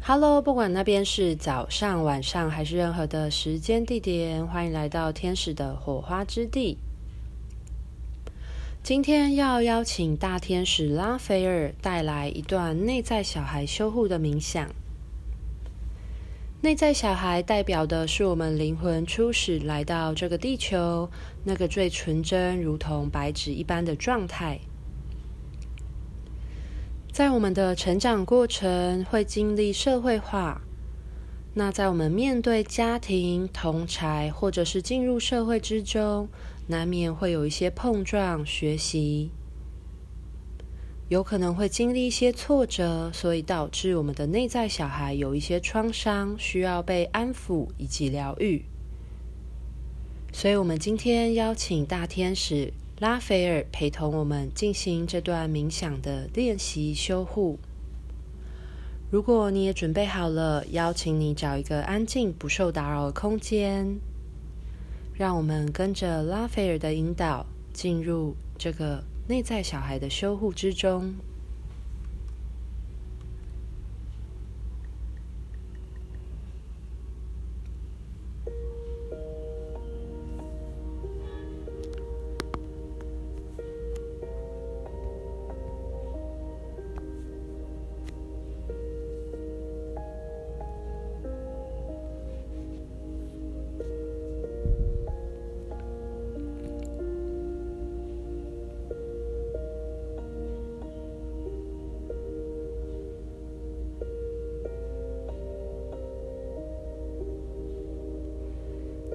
哈嘍，Hello, 不管那邊是早上、晚上還是任何的時間地點，歡迎來到天使的火花之地。今天要邀請大天使拉斐爾帶來一段內在小孩修護的冥想。內在小孩代表的是我們靈魂初始來到這個地球那個最純真、如同白紙一般的狀態。在我們的成長過程會經歷社會化，那在我們面對家庭、同儕或者是進入社會之中，難免會有一些碰撞、學習，有可能會經歷一些挫折，所以導致我們的內在小孩有一些創傷，需要被安撫以及療癒。所以，我們今天邀請大天使。拉斐爾陪同我們進行這段冥想的練習修護。如果你也準備好了，邀請你找一個安靜、不受打擾的空間，讓我們跟着拉斐爾的引導，進入這個內在小孩的修護之中。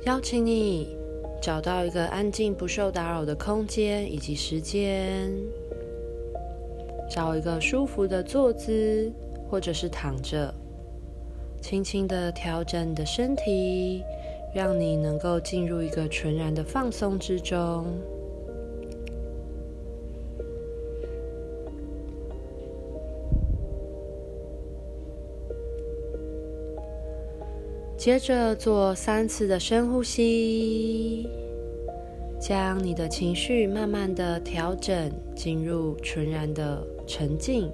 邀請你找到一個安靜、不受打擾的空間以及時間，找一個舒服的坐姿或者是躺着，輕輕地調整你的身體，讓你能夠進入一個純然的放鬆之中。接着做三次的深呼吸，將你的情緒慢慢的調整，進入純然的沉靜，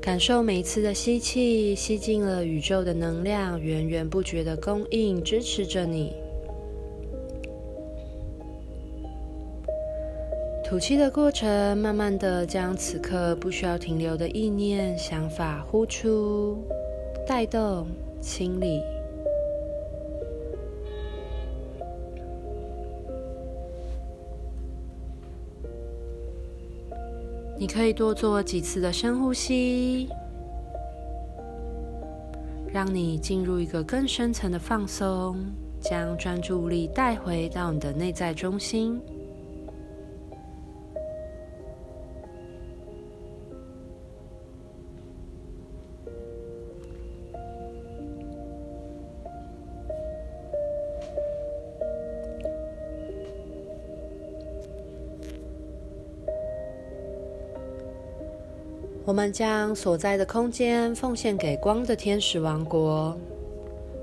感受每一次的吸氣，吸進了宇宙的能量，源源不絕的供應，支持着你。吐氣的過程，慢慢的將此刻不需要停留的意念、想法呼出，帶動清理。你可以多做幾次的深呼吸，讓你進入一個更深層的放鬆，將專注力帶回到你的內在中心。我們將所在的空間奉獻給光的天使王國，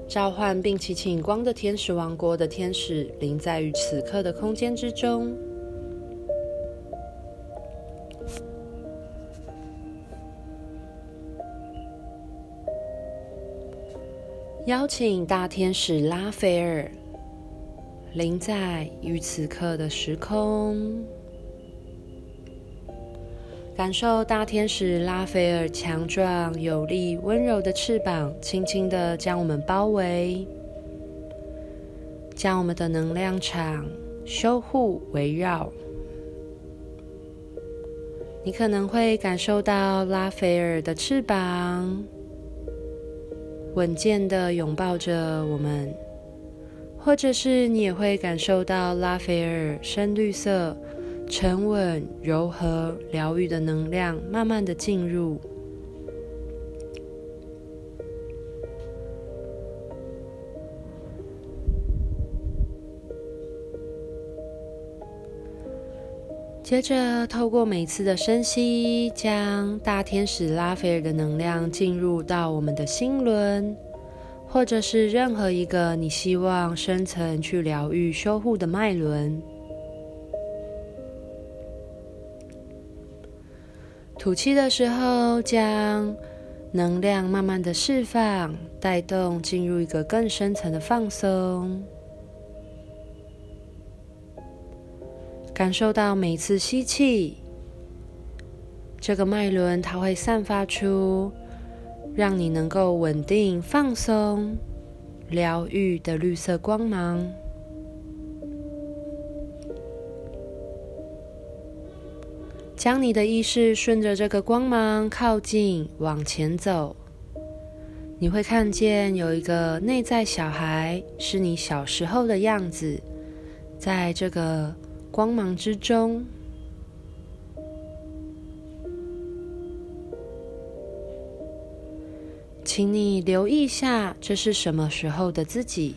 召喚並祈請光的天使王國的天使臨在於此刻的空間之中，邀請大天使拉斐爾臨在於此刻的時空。感受大天使拉斐爾強壯有力、溫柔的翅膀，輕輕的將我們包圍，將我們的能量場修護、圍繞。你可能會感受到拉斐爾的翅膀穩健的擁抱着我們，或者是你也會感受到拉斐爾深綠色，沉穩、柔和、療癒的能量，慢慢的進入。接着，透過每次的深吸，將大天使拉斐爾的能量進入到我們的心輪，或者是任何一個你希望深層去療癒、修護的脈輪。吐氣的時候，將能量慢慢的釋放，帶動進入一個更深層的放鬆。感受到每一次吸氣，這個脈輪它會散發出讓你能夠穩定、放鬆、療癒的綠色光芒。將你的意識順着這個光芒靠近，往前走，你會看見有一個內在小孩，是你小時候的樣子。在這個光芒之中，請你留意一下，這是什麼時候的自己？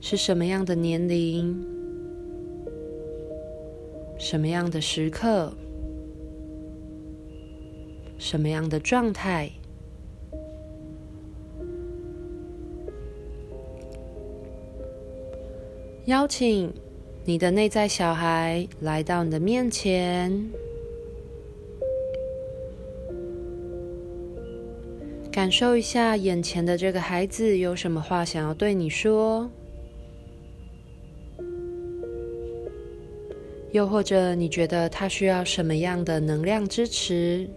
是什麼樣的年齡？什麼樣的時刻，什麼樣的狀態，邀請你的內在小孩來到你的面前，感受一下眼前的這個孩子有什麼話想要對你說。又或者，你覺得他需要什麼樣的能量支持？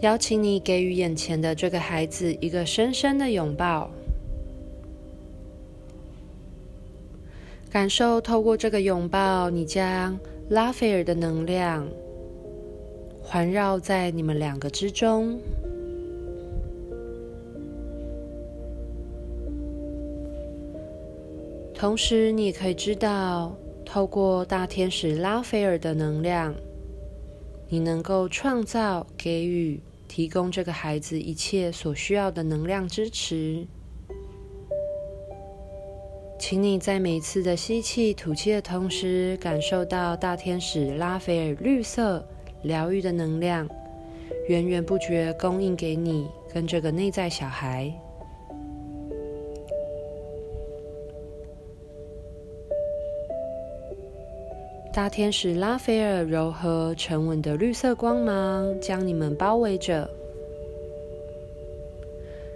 邀請你給予眼前的這個孩子一個深深的擁抱，感受透過這個擁抱，你將拉斐爾的能量環繞在你們兩個之中。同時，你也可以知道，透過大天使拉斐爾的能量，你能夠創造、給予、提供這個孩子一切所需要的能量支持。請你在每一次的吸氣、吐氣的同時，感受到大天使拉斐爾綠色療癒的能量，源源不絕供應給你跟這個內在小孩。大天使拉斐爾柔和、沉穩的綠色光芒將你們包圍着，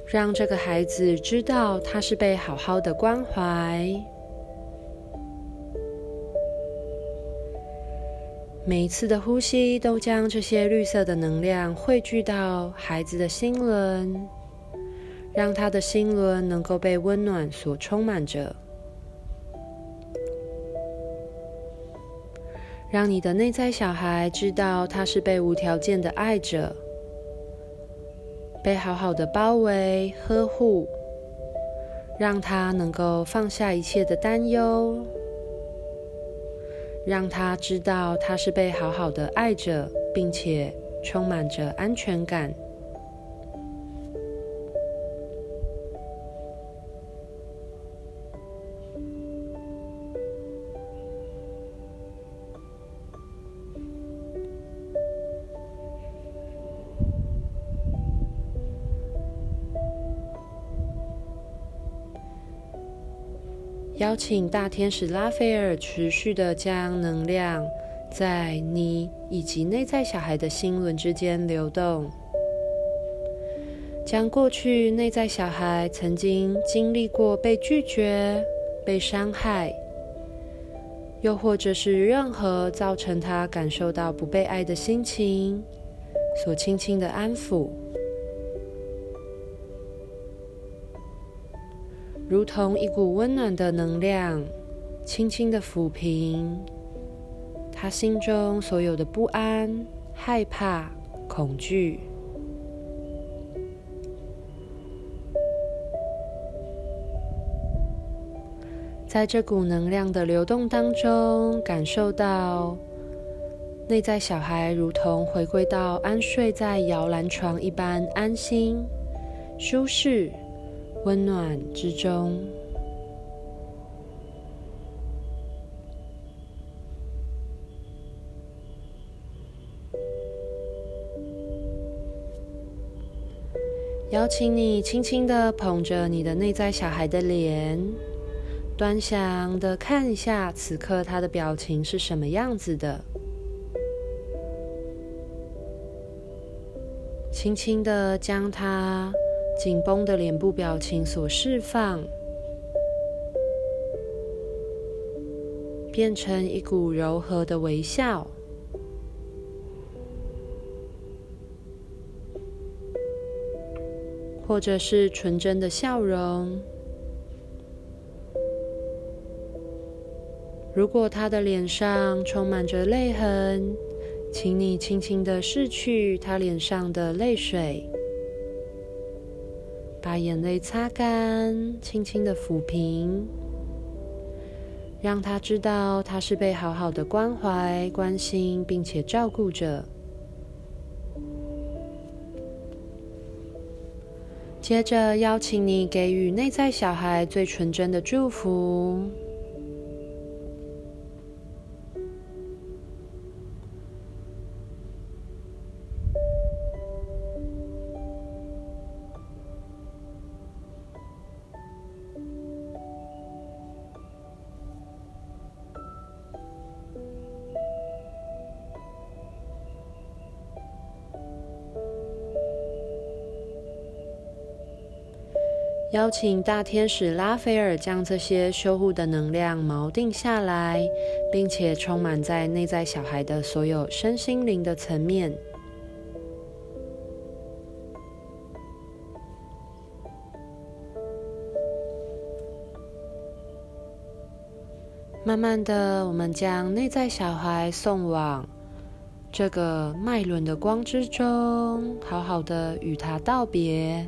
讓這個孩子知道他是被好好的關懷。每一次的呼吸都將這些綠色的能量匯聚到孩子的心輪，讓他的心輪能夠被溫暖所充滿着。讓你的內在小孩知道他是被無條件的愛着，被好好的包圍呵護，讓他能夠放下一切的擔憂，讓他知道他是被好好的愛着，並且充滿着安全感。邀請大天使拉斐爾持續地將能量在你以及內在小孩的心輪之間流動，將過去內在小孩曾經經歷過被拒絕、被傷害，又或者是任何造成他感受到不被愛的心情，所輕輕的安撫。如同一股溫暖的能量，輕輕的撫平他心中所有的不安、害怕、恐懼。在這股能量的流動當中，感受到內在小孩如同回歸到安睡在搖籃床一般安心、舒適。溫暖之中，邀請你輕輕的捧着你的內在小孩的臉，端詳的看一下此刻他的表情是什麼樣子的，輕輕的將他。緊繃的臉部表情所釋放，變成一股柔和的微笑，或者是純真的笑容。如果他的臉上充滿着淚痕，請你輕輕的拭去他臉上的淚水。把眼淚擦乾，輕輕的撫平，讓他知道他是被好好的關懷、關心，並且照顧着。接着，邀請你給予內在小孩最純真的祝福。邀請大天使拉斐爾將這些修護的能量錨定下來，並且充滿在內在小孩的所有身心靈的層面。慢慢的，我們將內在小孩送往這個脈輪的光之中，好好的與他道別。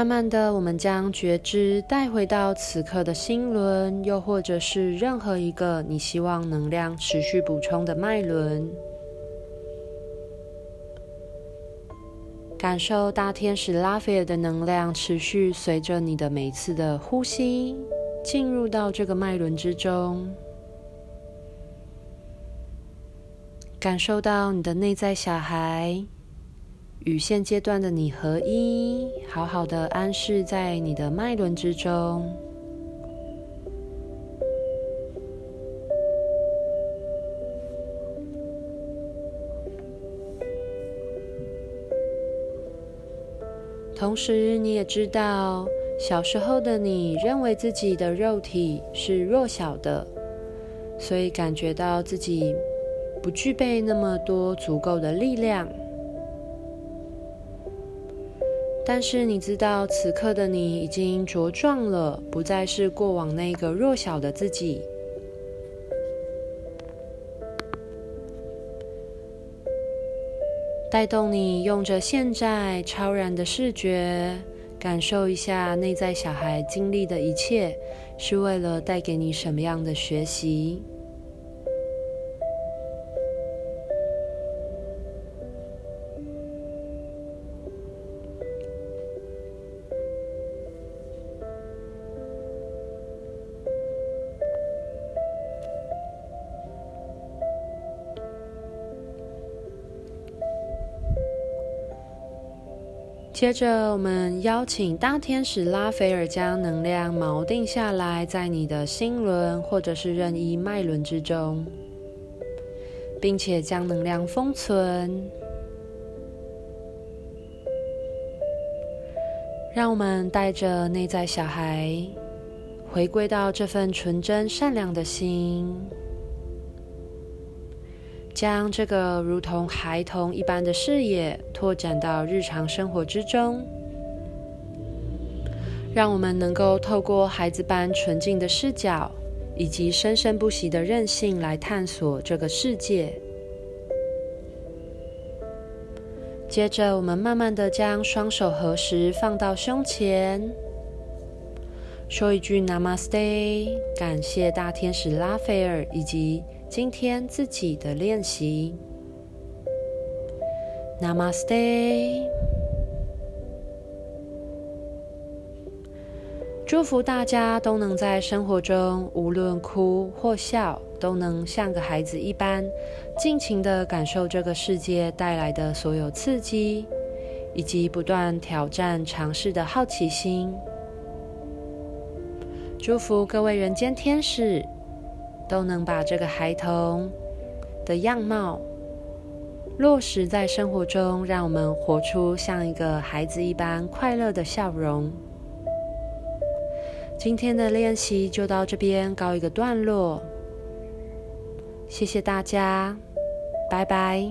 慢慢的，我們將覺知帶回到此刻的心輪，又或者是任何一個你希望能量持續補充的脈輪，感受大天使拉斐爾的能量持續隨着你的每一次的呼吸進入到這個脈輪之中，感受到你的內在小孩。與現階段的你合一，好好的安適在你的脈輪之中。同時，你也知道，小時候的你認為自己的肉體是弱小的，所以感覺到自己不具備那麼多足夠的力量。但是你知道，此刻的你已經茁壯了，不再是過往那個弱小的自己。帶動你用着現在超然的視覺，感受一下內在小孩經歷的一切，是為了帶給你什麼樣的學習？接着，我們邀請大天使拉斐爾將能量錨定下來，在你的心輪或者是任意脈輪之中，並且將能量封存。讓我們帶着內在小孩，回歸到這份純真善良的心。將這個如同孩童一般的視野拓展到日常生活之中，讓我們能夠透過孩子般純淨的視角，以及生生不息的韌性來探索這個世界。接着，我們慢慢地將雙手合十放到胸前，說一句 Namaste，感謝大天使拉斐爾以及。今天自己的練習，Namaste。祝福大家都能在生活中，無論哭或笑，都能像個孩子一般，盡情的感受這個世界帶來的所有刺激，以及不斷挑戰嘗試的好奇心。祝福各位人間天使。都能把這個孩童的樣貌落實在生活中，讓我們活出像一個孩子一般快樂的笑容。今天的練習就到這邊，告一個段落。謝謝大家，拜拜。